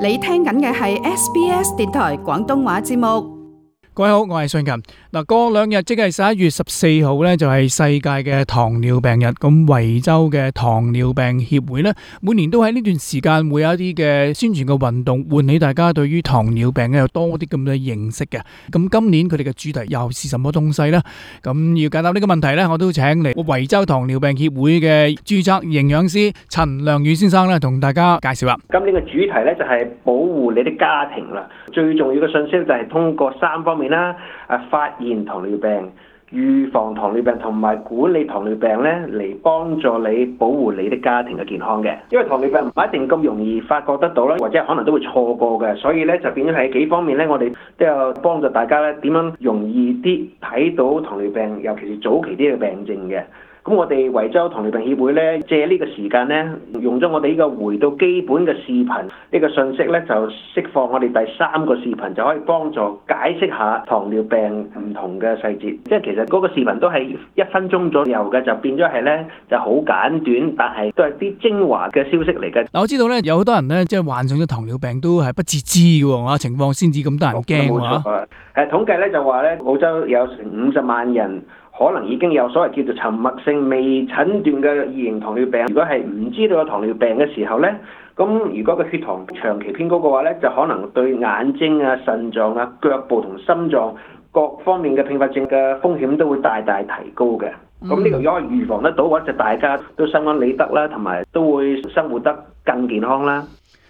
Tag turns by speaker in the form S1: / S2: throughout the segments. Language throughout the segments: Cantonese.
S1: 你聽緊嘅係 SBS 電台廣東話節目。各位好，我係信琴嗱。過兩日即係十一月十四號呢，就係世界嘅糖尿病日。咁惠州嘅糖尿病協會呢，每年都喺呢段時間會有一啲嘅宣傳嘅運動，喚起大家對於糖尿病呢又多啲咁嘅認識嘅。咁今年佢哋嘅主題又是什麼東西呢？咁要解答呢個問題呢，我都請嚟惠州糖尿病協會嘅注冊營養師陳亮宇先生呢，同大家介紹啦。
S2: 今年嘅主題呢就係保護你啲家庭啦。最重要嘅信息就係通過三方面。啦，啊，發現糖尿病、預防糖尿病同埋管理糖尿病咧，嚟幫助你保護你的家庭嘅健康嘅。因為糖尿病唔一定咁容易發覺得到啦，或者可能都會錯過嘅，所以咧就變咗喺幾方面咧，我哋都有幫助大家咧點樣容易啲睇到糖尿病，尤其是早期啲嘅病症嘅。咁我哋維州糖尿病協會咧，借呢個時間咧，用咗我哋呢個回到基本嘅視頻呢個信息咧，就釋放我哋第三個視頻，就可以幫助解釋下糖尿病唔同嘅細節。即係其實嗰個視頻都係一分鐘左右嘅，就變咗係咧，就好簡短，但係都係啲精華嘅消息嚟嘅。我知道
S1: 咧，有好多人咧，即係患上咗糖尿病都係不自知嘅喎，情況先至咁多人驚，喎冇
S2: 錯。誒，統計咧就話咧，澳洲有成五十萬人，可能已經有所謂叫做沉默性未診斷嘅二型糖尿病。如果係唔知道有糖尿病嘅時候呢，咁如果個血糖長期偏高嘅話呢，就可能對眼睛啊、腎臟啊、腳部同心臟各方面嘅併發症嘅風險都會大大提高嘅。咁呢個如果預防得到，嘅話就大家都心安理得啦，同埋都會生活得更健康啦。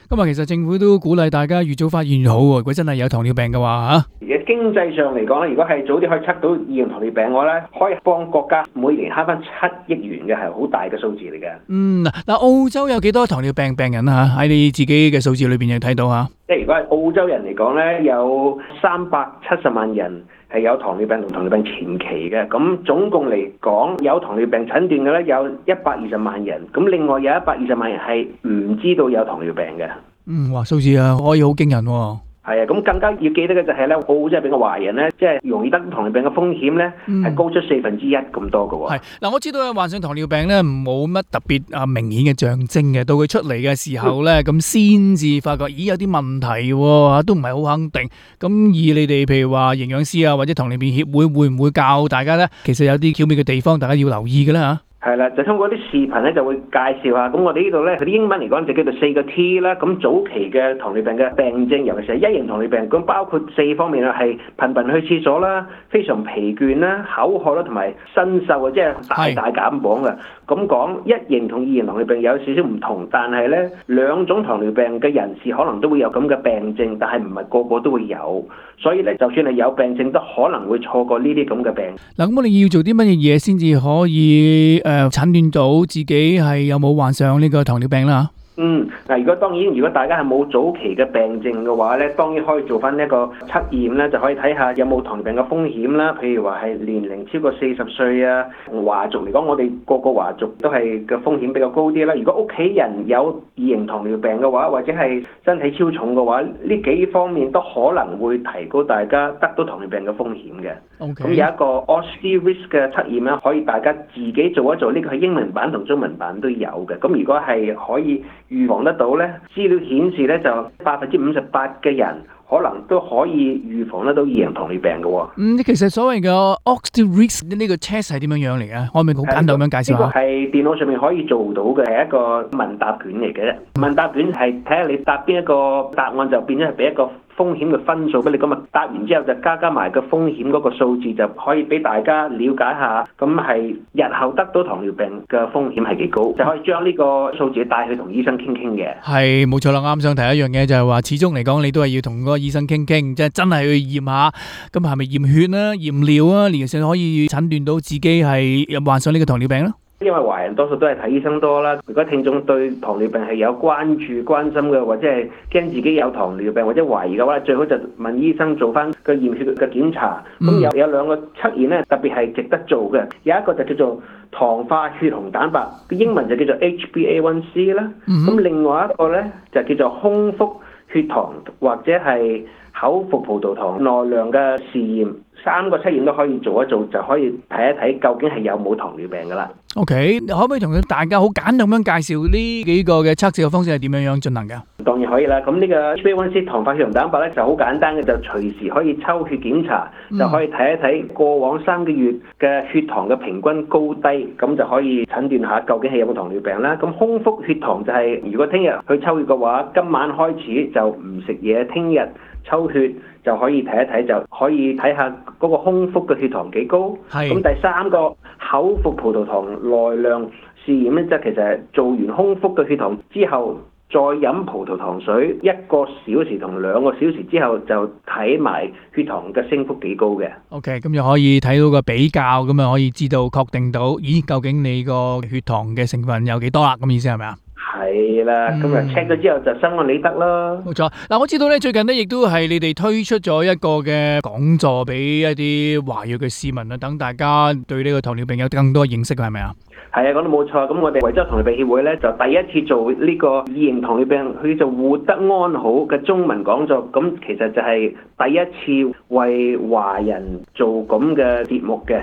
S1: 今日、嗯、其實政府都鼓勵大家越早發現越好喎。如果真係有糖尿病嘅話
S2: 嚇。經濟上嚟講咧，如果係早啲可以測到二型糖尿病嘅話咧，我可以幫國家每年慳翻七億元嘅，係好大嘅數字嚟嘅。嗯，
S1: 嗱澳洲有幾多糖尿病病人啊？喺你自己嘅數字裏邊有睇到啊？即
S2: 係如果係澳洲人嚟講咧，有三百七十萬人係有糖尿病同糖尿病前期嘅。咁總共嚟講有糖尿病診斷嘅咧，有一百二十萬人。咁另外有一百二十萬人係唔知道有糖尿病嘅。嗯，
S1: 哇數字啊，可以好驚人喎，啊！
S2: 係啊，咁更加要記得嘅、嗯、就係咧，好即係畀個華人咧，即係容易得糖尿病嘅風險咧，係高出四分之一咁多㗎喎。
S1: 嗱，我知道咧，患上糖尿病咧冇乜特別啊明顯嘅象徵嘅，到佢出嚟嘅時候咧，咁先至發覺，咦，有啲問題喎，都唔係好肯定。咁以你哋譬如話營養師啊，或者糖尿病協會會唔會教大家咧，其實有啲巧妙嘅地方大家要留意嘅啦。嚇。
S2: 係啦，就通過啲視頻咧，就會介紹下。咁我哋呢度咧，佢啲英文嚟講就叫做四個 T 啦。咁早期嘅糖尿病嘅病症，尤其是係一型糖尿病，咁包括四方面啊，係頻頻去廁所啦，非常疲倦啦，口渴啦，同埋身瘦啊，即係大大減磅嘅。咁講是一型同二型糖尿病有少少唔同，但係咧兩種糖尿病嘅人士可能都會有咁嘅病症，但係唔係個個都會有。所以咧，就算係有病症，都可能會錯過呢啲咁嘅病。
S1: 嗱，咁你要做啲乜嘢嘢先至可以？誒，診斷到自己係有冇患上呢個糖尿病啦嚇。
S2: 嗯，嗱，如果當然，如果大家係冇早期嘅病症嘅話咧，當然可以做翻一個測驗啦，就可以睇下有冇糖尿病嘅風險啦。譬如話係年齡超過四十歲啊，華族嚟講，我哋個個華族都係嘅風險比較高啲啦。如果屋企人有二型糖尿病嘅話，或者係身體超重嘅話，呢幾方面都可能會提高大家得到糖尿病嘅風險嘅。
S1: 咁 Okay. 有一
S2: 個 O s C Risk 嘅測驗啦，可以大家自己做一做，呢、呢個係英文版同中文版都有嘅。咁如果係可以。預防得到咧，資料顯示咧就百分之五十八嘅人可能都可以預防得到二型糖尿病嘅喎。
S1: 嗯，其實所謂嘅 Oxyrisk 呢個 test 係點樣樣嚟嘅？我係咪好簡單咁樣解釋下？
S2: 係電腦上面可以做到嘅，係一個問答卷嚟嘅啫。問答卷係睇下你答邊一個答案，就變咗係俾一個。風險嘅分數俾你，咁啊答完之後就加加埋個風險嗰個數字，就可以俾大家了解下，咁係日後得到糖尿病嘅風險係幾高，就可以將呢個數字帶去同醫生傾傾嘅。
S1: 係冇錯啦，啱想提一樣嘢就係話，始終嚟講你都係要同嗰個醫生傾傾，即係真係去驗下，咁係咪驗血啊、驗尿啊，然後就可以診斷到自己係有冇患上呢個糖尿病囉。
S2: 因為華人多數都係睇醫生多啦，如果聽眾對糖尿病係有關注、關心嘅，或者係驚自己有糖尿病或者懷疑嘅話，最好就問醫生做翻個驗血嘅檢查。咁、嗯、有有兩個測驗咧，特別係值得做嘅，有一個就叫做糖化血紅蛋白，英文就叫做 HbA1c 啦。咁、嗯、哼另外一個咧就叫做空腹血糖或者係，口服葡萄糖耐量嘅試驗，三個試驗都可以做一做，就可以睇一睇究竟係有冇糖尿病噶啦。
S1: O、okay. K，可唔可以同大家好簡單咁樣介紹呢幾個嘅測試嘅方式係點樣樣進行噶？
S2: 當然可以啦。咁呢個 HbA1c 糖化血紅蛋白咧就好簡單嘅，就隨時可以抽血檢查，嗯、就可以睇一睇過往三個月嘅血糖嘅平均高低，咁就可以診斷下究竟係有冇糖尿病啦。咁空腹血糖就係、是、如果聽日去抽血嘅話，今晚開始就唔食嘢，聽日。抽血就可以睇一睇，就可以睇下嗰個空腹嘅血糖幾高。係咁是，第三個口服葡萄糖耐量試驗咧，即係其實係做完空腹嘅血糖之後，再飲葡萄糖水一個小時同兩個小時之後，就睇埋血糖嘅升幅幾高嘅。
S1: OK，咁又可以睇到個比較，咁啊可以知道確定到，咦究竟你個血糖嘅成分有幾多啦？咁、那個、意思係咪啊？
S2: 係啦，咁啊 check 咗之後就心安理得咯。冇錯，
S1: 嗱，我知道咧，最近咧亦都係你哋推出咗一個嘅講座俾一啲華裔嘅市民啦，等大家對呢個糖尿病有更多認識嘅，係咪啊？
S2: 係啊，講得冇錯。咁我哋惠州糖尿病協會咧，就第一次做呢個《異型糖尿病佢就活得安好》嘅中文講座，咁其實就係第一次為華人做咁嘅節目嘅。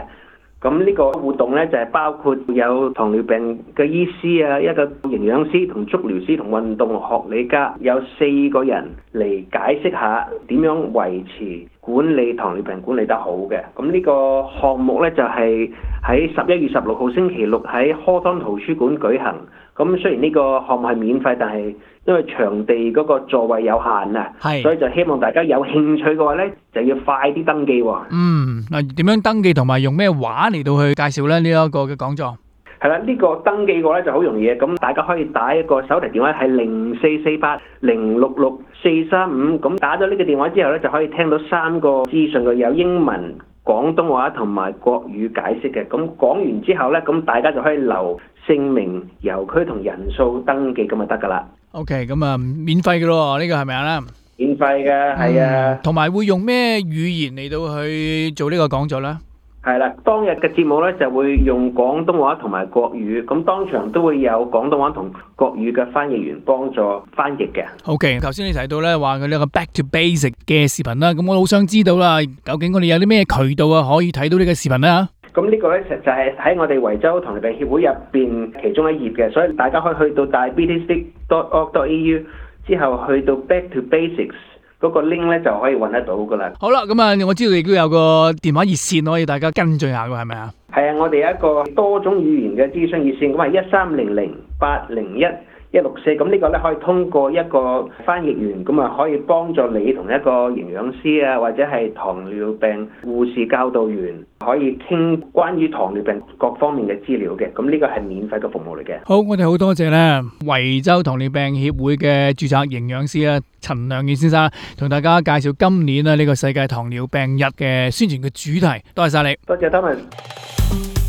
S2: 咁呢個活動呢就係包括有糖尿病嘅醫師啊，一個營養師同足療師同運動學理家，有四個人嚟解釋下點樣維持。管理糖尿病管理得好嘅，咁、這、呢個項目呢，就係喺十一月十六號星期六喺科登圖書館舉行。咁雖然呢個項目係免費，但係因為場地嗰個座位有限啊，是所以就希望大家有興趣嘅話呢，就要快啲登記喎。嗯，
S1: 嗱，點樣登記同埋用咩話嚟到去介紹呢呢一、這個嘅講座。
S2: 係啦，呢個登記過咧就好容易嘅，咁大家可以打一個手提電話係零四四八零六六四三五，咁打咗呢個電話之後咧就可以聽到三個資訊嘅，有英文、廣東話同埋國語解釋嘅，咁講完之後咧，咁大家就可以留姓名、郵區同人數登記咁就得㗎啦。
S1: OK，咁、嗯、啊免費㗎咯，呢、呢個係咪、嗯、啊？免費嘅係啊，同埋會用咩語言嚟到去做個講呢個講
S2: 座咧？係啦，當日嘅節目咧就會用廣東話同埋國語，咁當場都會有廣東話同國語嘅翻譯員幫助翻譯嘅。
S1: OK，頭先你提到咧，話佢有個 Back to Basic 嘅視頻啦，咁我好想知道啦，究竟我哋有啲咩渠道啊，可以睇到呢個視頻咧？
S2: 咁呢個咧其實就係、是、喺我哋維州糖尿病協會入邊其中一頁嘅，所以大家可以去到 diabetes dot org dot A U 之後去到 Back to Basics。嗰個 link 咧就可以揾得到噶啦。
S1: 好啦，咁啊，我知道亦都有個電話熱線可以大家跟進下噶，係咪啊？
S2: 係啊，我哋有一個多種語言嘅諮詢熱線，咁係一三零零八零一一六四咁呢個咧可以通過一個翻譯員咁啊，可以幫助你同一個營養師啊，或者係糖尿病護士教導員可以傾關於糖尿病各方面嘅資料嘅，咁、這、呢個係免費嘅服務嚟嘅。
S1: 好，我哋好多謝咧惠州糖尿病協會嘅注冊營養師啊陳亮健先生同大家介紹今年咧呢個世界糖尿病日嘅宣傳嘅主題，多謝晒你，多謝多謝。Thomas